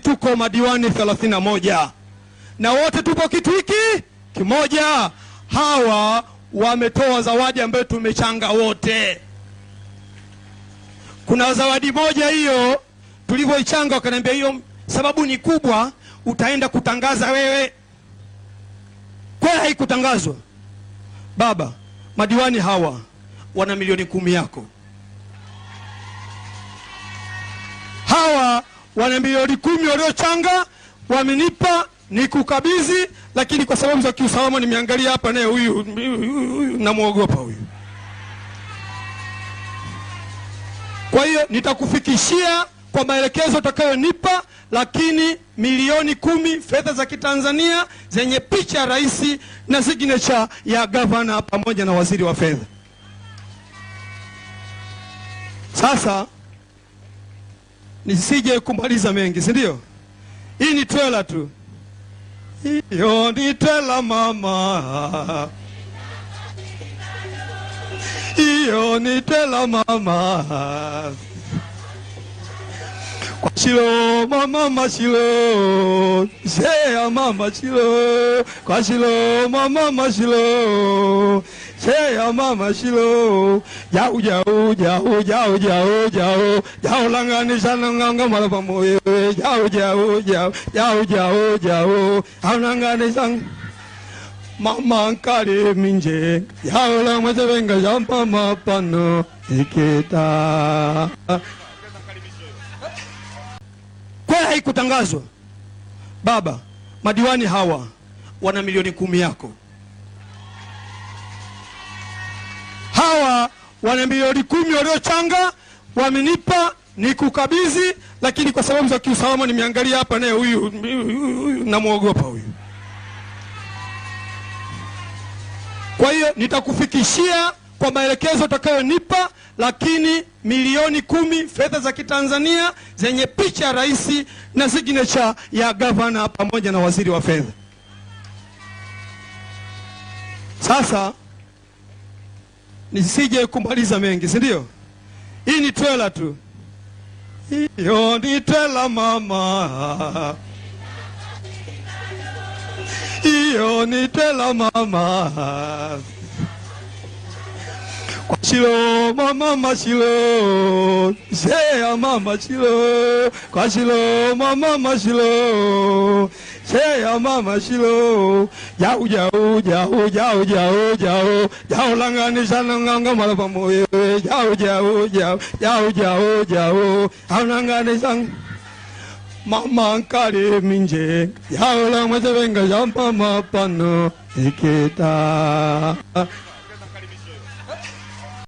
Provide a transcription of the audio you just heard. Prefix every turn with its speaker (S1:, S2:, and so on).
S1: Tuko madiwani 31 na wote tuko kitu hiki kimoja. Hawa wametoa zawadi ambayo tumechanga wote. Kuna zawadi moja hiyo tulivyoichanga, wakaniambia hiyo sababu ni kubwa, utaenda kutangaza wewe. Kweli haikutangazwa. Baba, madiwani hawa wana milioni kumi yako. wana milioni kumi waliochanga wamenipa ni kukabidhi, lakini kwa sababu za kiusalama nimeangalia hapa naye huyu namwogopa huyu. Kwa hiyo nitakufikishia kwa maelekezo utakayonipa, lakini milioni kumi fedha za Kitanzania zenye picha ya rais na signature ya gavana pamoja na waziri wa fedha. Sasa nisije kumaliza mengi, si ndio? Hii ni trela tu, hiyo ni trela mama, hiyo ni trela mama. 西喽，妈妈妈西喽，谁要妈妈西喽？广西喽，妈妈妈西喽，谁要妈妈西喽？远呀远呀远呀远呀远呀远，远啦！敢是山龙敢敢，马来朋友，远呀 a 呀远呀远呀远呀远，阿南甘是山，妈妈卡里咪井，远啦！a 是 enga，a 妈妈 panu di kita。Haijawahi kutangazwa. Baba, madiwani hawa wana milioni kumi yako, hawa wana milioni kumi waliochanga, wamenipa ni kukabidhi, lakini kwa sababu za kiusalama nimeangalia hapa, naye huyu namwogopa huyu. Kwa hiyo nitakufikishia kwa maelekezo utakayonipa, lakini milioni kumi fedha za Kitanzania zenye picha ya rais na signature ya gavana pamoja na waziri wa fedha. Sasa nisije kumaliza mengi, si ndio? Hii ni trela tu, hiyo ni trela mama, hiyo ni trela mama 西喽，妈妈妈去喽，谁要妈妈西喽？快西喽，妈妈妈去喽，谁呀妈妈去喽？远呀远呀远呀远呀远呀远，远啦！敢是山龙岗岗，马 i 方木耶。j 呀远呀远呀远呀 g 呀远，阿南岗是山，茫茫卡里明静。远啦，a 子兵噶，羊 n 马潘诺，一起打。